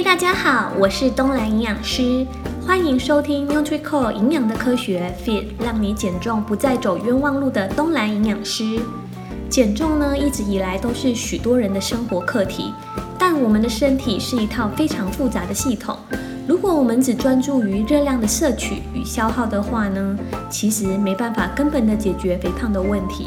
Hey, 大家好，我是東蘭營養師，歡迎收聽 NutriCore 營養的科學 feat. 讓你減重不再走冤枉路的東蘭營養師。減重呢，一直以來都是許多人的生活課題，但我們的身體是一套非常複雜的系統，如果我們只專注於熱量的攝取與消耗的話呢，其實沒辦法根本地解決肥胖的問題。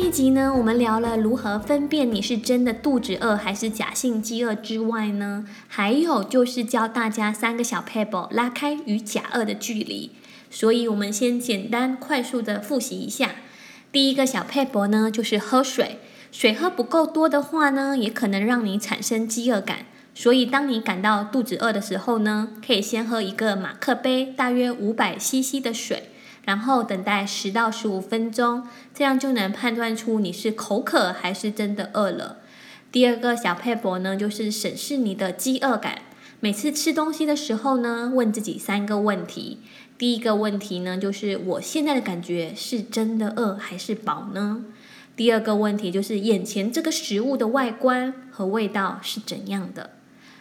這一集呢，我們聊了如何分辨你是真的肚子餓還是假性飢餓之外呢，還有就是教大家三個小撇步拉開與假餓的距離。所以，我們先簡單快速的複習一下。第一個小撇步呢，就是喝水。水喝不夠多的話呢，也可能讓你產生飢餓感。所以，當你感到肚子餓的時候呢，可以先喝一個馬克杯，大約五百 CC 的水。然後等待十到十五分鐘，這樣就能判斷出你是口渴還是真的餓了。第二個小撇步呢，就是審視你的飢餓感。每次吃東西的時候呢，問自己三個問題。第一個問題呢，就是我現在的感覺是真的餓還是飽呢？第二個問題就是眼前這個食物的外觀和味道是怎樣的？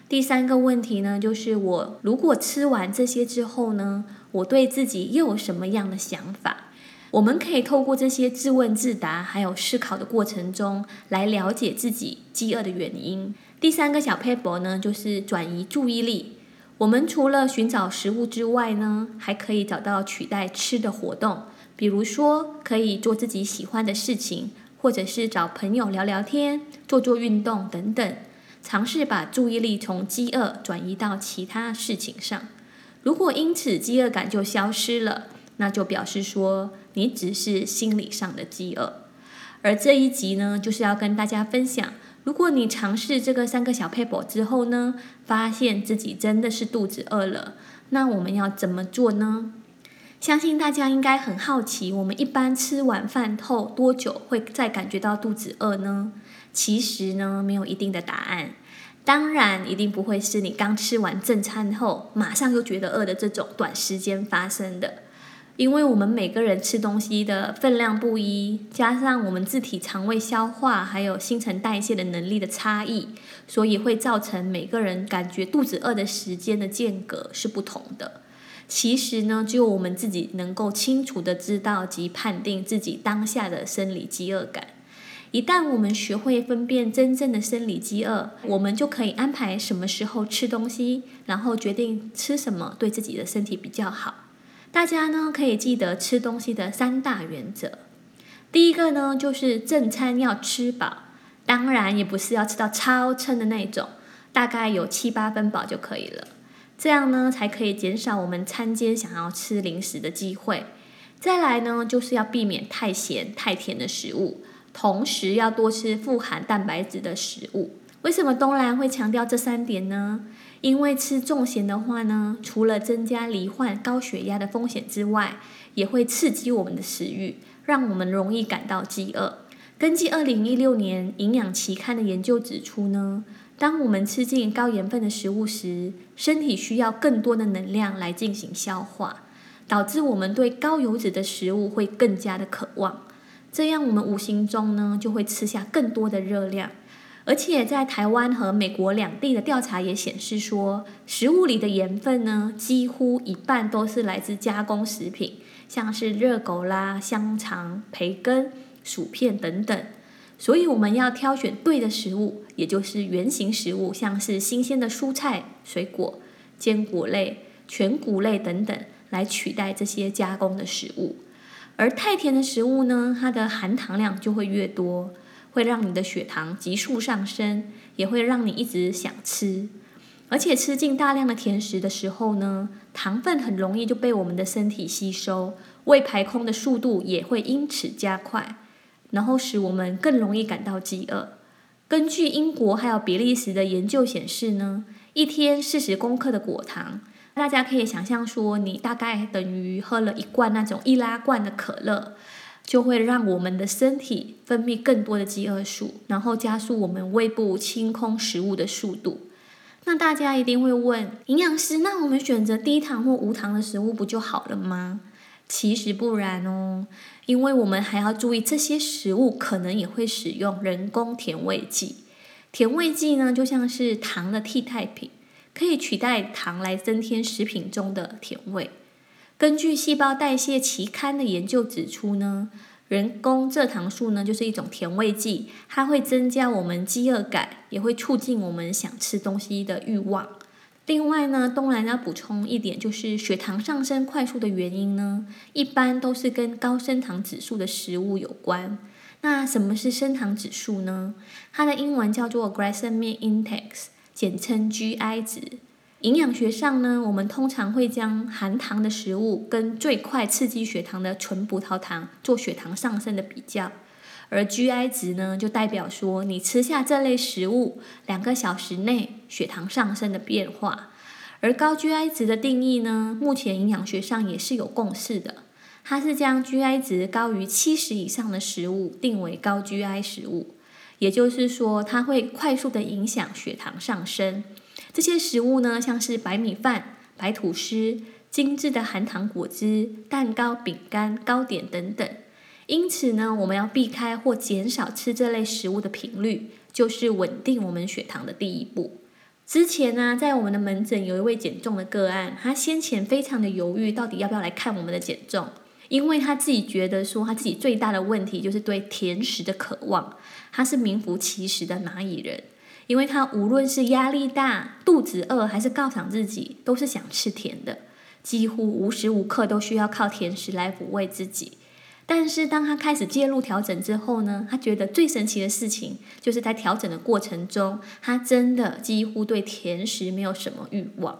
第三個問題呢，就是我如果吃完這些之後呢，我對自己又有什麼樣的想法？我們可以透過這些自問自答，還有思考的過程中，來了解自己飢餓的原因。第三個小撇步呢，就是轉移注意力。我們除了尋找食物之外呢，還可以找到取代吃的活動，比如說可以做自己喜歡的事情，或者是找朋友聊聊天、做做運動等等。嘗試把注意力從飢餓轉移到其他事情上，如果因此飢餓感就消失了，那就表示說你只是心理上的飢餓。而這一集呢，就是要跟大家分享，如果你嘗試這個三個小撇步之後呢，發現自己真的是肚子餓了，那我們要怎麼做呢？相信大家應該很好奇，我們一般吃完飯後多久會再感覺到肚子餓呢？其實呢，沒有一定的答案。當然，一定不會是你剛吃完正餐後馬上就覺得餓的這種短時間發生的，因為我們每個人吃東西的分量不一，加上我們自體腸胃消化還有新陳代謝的能力的差異，所以會造成每個人感覺肚子餓的時間的間隔是不同的。其實呢，只有我們自己能夠清楚的知道及判定自己當下的生理飢餓感。一旦我們學會分辨真正的生理飢餓，我們就可以安排什麼時候吃東西，然後決定吃什麼對自己的身體比較好。大家呢可以記得吃東西的三大原則。第一個呢就是正餐要吃飽，當然也不是要吃到超撐的那種，大概有七八分飽就可以了。這樣呢才可以減少我們餐間想要吃零食的機會。再來呢就是要避免太鹹太甜的食物。同時要多吃富含蛋白質的食物。為什麼東蘭會強調這三點呢？因為吃重鹹的話呢，除了增加罹患高血壓的風險之外，也會刺激我們的食慾，讓我們容易感到飢餓。根據二零一六年《營養期刊》的研究指出呢，當我們吃進高鹽分的食物時，身體需要更多的能量來進行消化，導致我們對高油脂的食物會更加的渴望。這樣，我們無形中呢就會吃下更多的熱量，而且在台灣和美國兩地的調查也顯示說，食物裡的鹽分呢幾乎一半都是來自加工食品，像是熱狗啦、香腸、培根、薯片等等。所以我們要挑選對的食物，也就是原型食物，像是新鮮的蔬菜、水果、堅果類、全穀類等等，來取代這些加工的食物。而太甜的食物呢，它的含糖量就會越多，會讓你的血糖急速上升，也會讓你一直想吃。而且吃進大量的甜食的時候呢，糖分很容易就被我們的身體吸收，胃排空的速度也會因此加快，然後使我們更容易感到飢餓。根據英國還有比利時的研究顯示呢，一天四十公克的果糖。大家可以想象說，你大概等於喝了一罐那種易拉罐的可樂，就會讓我們的身體分泌更多的飢餓素，然後加速我們胃部清空食物的速度。那大家一定會問，營養師，那我們選擇低糖或無糖的食物不就好了嗎？其實不然哦，因為我們還要注意，這些食物可能也會使用人工甜味劑。甜味劑呢，就像是糖的替代品。可以取代糖來增添食品中的甜味。根據《細胞代謝》期刊的研究指出呢，人工蔗糖素呢就是一種甜味劑，它會增加我們飢餓感，也會促進我們想吃東西的欲望。另外呢，東蘭要補充一點，就是血糖上升快速的原因呢，一般都是跟高升糖指數的食物有關。那什麼是升糖指數呢？它的英文叫做 Glycemic Index。簡稱 GI 值。營養學上呢，我們通常會將含糖的食物跟最快刺激血糖的純葡萄糖做血糖上升的比較，而 GI 值呢，就代表說你吃下這類食物兩個小時內血糖上升的變化。而高 GI 值的定義呢，目前營養學上也是有共識的，它是將 GI 值高於七十以上的食物定為高 GI 食物。也就是說，它會快速的影響血糖上升。這些食物呢，像是白米飯、白吐司、精緻的含糖果汁、蛋糕、餅乾、糕點等等。因此呢，我們要避開或減少吃這類食物的頻率，就是穩定我們血糖的第一步。之前呢，在我們的門診有一位減重的個案，他先前非常的猶豫，到底要不要來看我們的減重。因為他自己覺得說，他自己最大的問題就是對甜食的渴望。他是名副其實的螞蟻人，因為他無論是壓力大、肚子餓，還是犒賞自己，都是想吃甜的，幾乎無時無刻都需要靠甜食來撫慰自己。但是當他開始介入調整之後呢，他覺得最神奇的事情就是在調整的過程中，他真的幾乎對甜食沒有什麼欲望。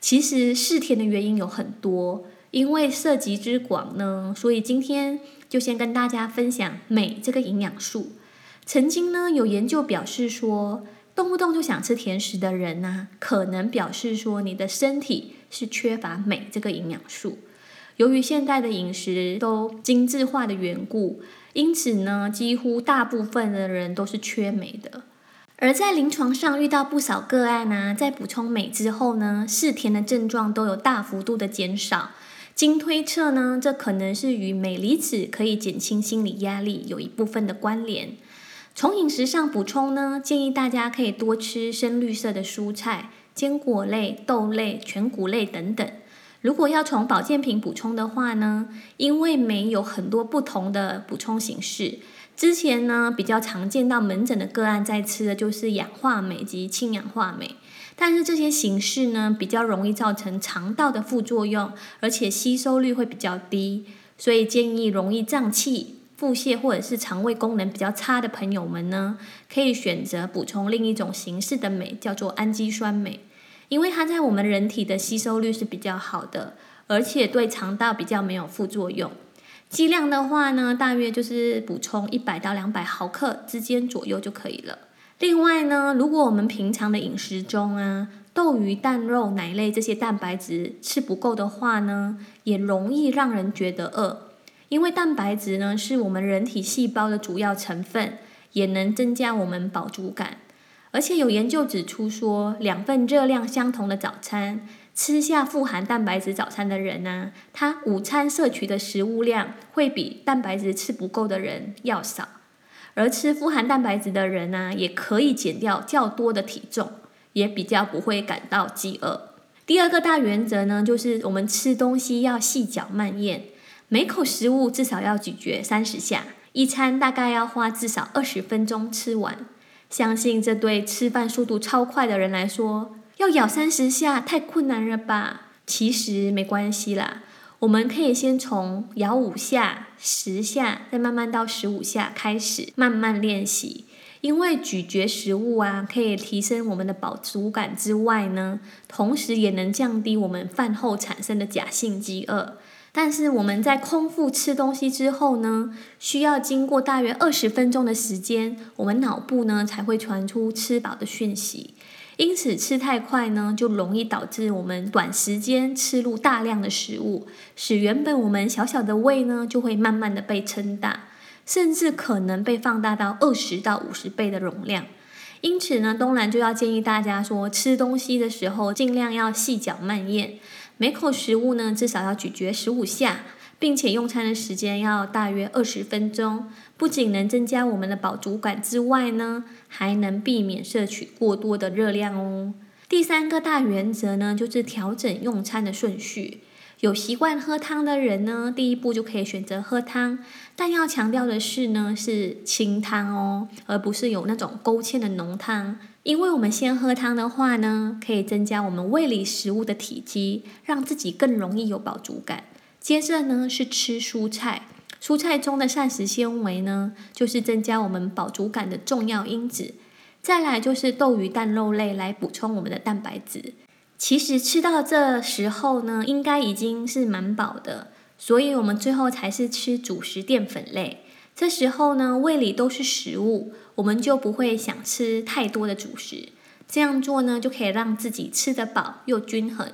其實嗜甜的原因有很多。因為涉及之廣呢，所以今天就先跟大家分享鎂這個營養素。曾經呢有研究表示說，動不動就想吃甜食的人呢、啊，可能表示說你的身體是缺乏鎂這個營養素。由於現代的飲食都精致化的緣故，因此呢幾乎大部分的人都是缺鎂的。而在臨床上遇到不少個案呢、啊，在補充鎂之後呢，嗜甜的症狀都有大幅度的減少。經推測呢，這可能是與鎂離子可以減輕心理壓力有一部分的關聯。從飲食上補充呢，建議大家可以多吃深綠色的蔬菜、堅果類、豆類、全穀類等等。如果要從保健品補充的話呢，因為鎂有很多不同的補充形式。之前呢比較常見到門診的個案在吃的就是氧化鎂及氫氧化鎂。但是這些形式呢，比較容易造成腸道的副作用，而且吸收率會比較低，所以建議容易脹氣、腹瀉或者是腸胃功能比較差的朋友們呢，可以選擇補充另一種形式的鎂，叫做氨基酸鎂，因為它在我們人體的吸收率是比較好的，而且對腸道比較沒有副作用。劑量的話呢，大約就是補充一百到兩百毫克之間左右就可以了。另外呢，如果我們平常的飲食中啊，豆魚蛋肉奶類這些蛋白質吃不夠的話呢，也容易讓人覺得餓。因為蛋白質呢，是我們人體細胞的主要成分，也能增加我們飽足感。而且有研究指出說，兩份熱量相同的早餐，吃下富含蛋白質早餐的人呢，啊，他午餐攝取的食物量會比蛋白質吃不夠的人要少。而吃富含蛋白質的人呢、啊，也可以減掉較多的體重，也比較不會感到飢餓。第二個大原則呢，就是我們吃東西要細嚼慢咽，每口食物至少要咀嚼三十下，一餐大概要花至少二十分鐘吃完。相信這對吃飯速度超快的人來說，要咬三十下太困難了吧？其實沒關係啦。我們可以先從咬五下、十下，再慢慢到十五下開始慢慢練習。因為咀嚼食物啊，可以提升我們的飽足感之外呢，同時也能降低我們飯後產生的假性飢餓。但是我們在空腹吃東西之後呢，需要經過大約二十分鐘的時間，我們腦部呢才會傳出吃飽的訊息。因此，吃太快呢，就容易導致我們短時間吃入大量的食物，使原本我們小小的胃呢，就會慢慢的被撐大，甚至可能被放大到二十到五十倍的容量。因此呢，東蘭就要建議大家說，吃東西的時候儘量要細嚼慢嚥，每口食物呢至少要咀嚼十五下，並且用餐的時間要大約二十分鐘。不僅能增加我們的飽足感之外呢，還能避免攝取過多的熱量哦。第三個大原則呢，就是調整用餐的順序。有習慣喝湯的人呢，第一步就可以選擇喝湯，但要強調的是呢，是清湯哦，而不是有那種勾芡的濃湯。因為我們先喝湯的話呢，可以增加我們胃裡食物的體積，讓自己更容易有飽足感。接着呢，是吃蔬菜。蔬菜中的膳食纖維呢，就是增加我們飽足感的重要因子。再來就是豆、魚、蛋、肉類，來補充我們的蛋白質。其實吃到這時候呢，應該已經是蠻飽的，所以我們最後才是吃主食澱粉類。這時候呢，胃裡都是食物，我們就不會想吃太多的主食。這樣做呢，就可以讓自己吃得飽又均衡。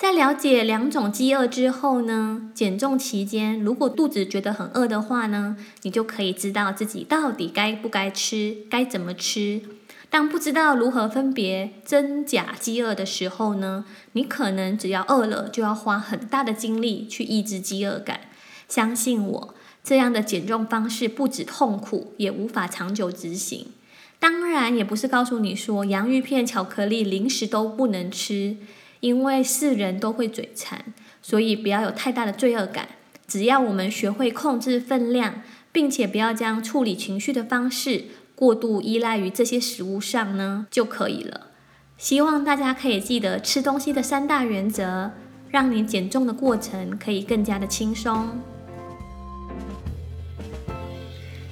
在了解兩種飢餓之後呢，減重期間如果肚子覺得很餓的話呢，你就可以知道自己到底該不該吃，該怎麼吃。當不知道如何分別真假飢餓的時候呢，你可能只要餓了就要花很大的精力去抑制飢餓感。相信我，這樣的減重方式不止痛苦，也無法長久執行。當然，也不是告訴你說洋芋片、巧克力零食都不能吃。因為是人都會嘴饞，所以不要有太大的罪惡感。只要我們學會控制分量，並且不要將處理情緒的方式過度依賴於這些食物上呢，就可以了。希望大家可以記得吃東西的三大原則，讓你減重的過程可以更加的輕鬆。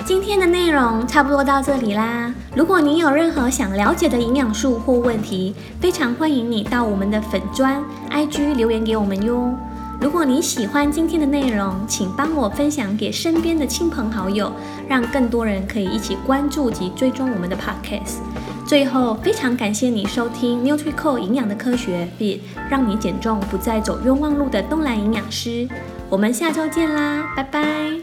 今天的內容差不多到這裡啦。如果你有任何想了解的營養素或問題，非常歡迎你到我們的粉專 IG 留言給我們喲。如果你喜歡今天的內容，請幫我分享給身邊的親朋好友，讓更多人可以一起關注及追蹤我們的 podcast。最後，非常感謝你收聽 NutriCore 營養的科學，並讓你減重不再走冤枉路的東蘭營養師。我們下周見啦，拜拜。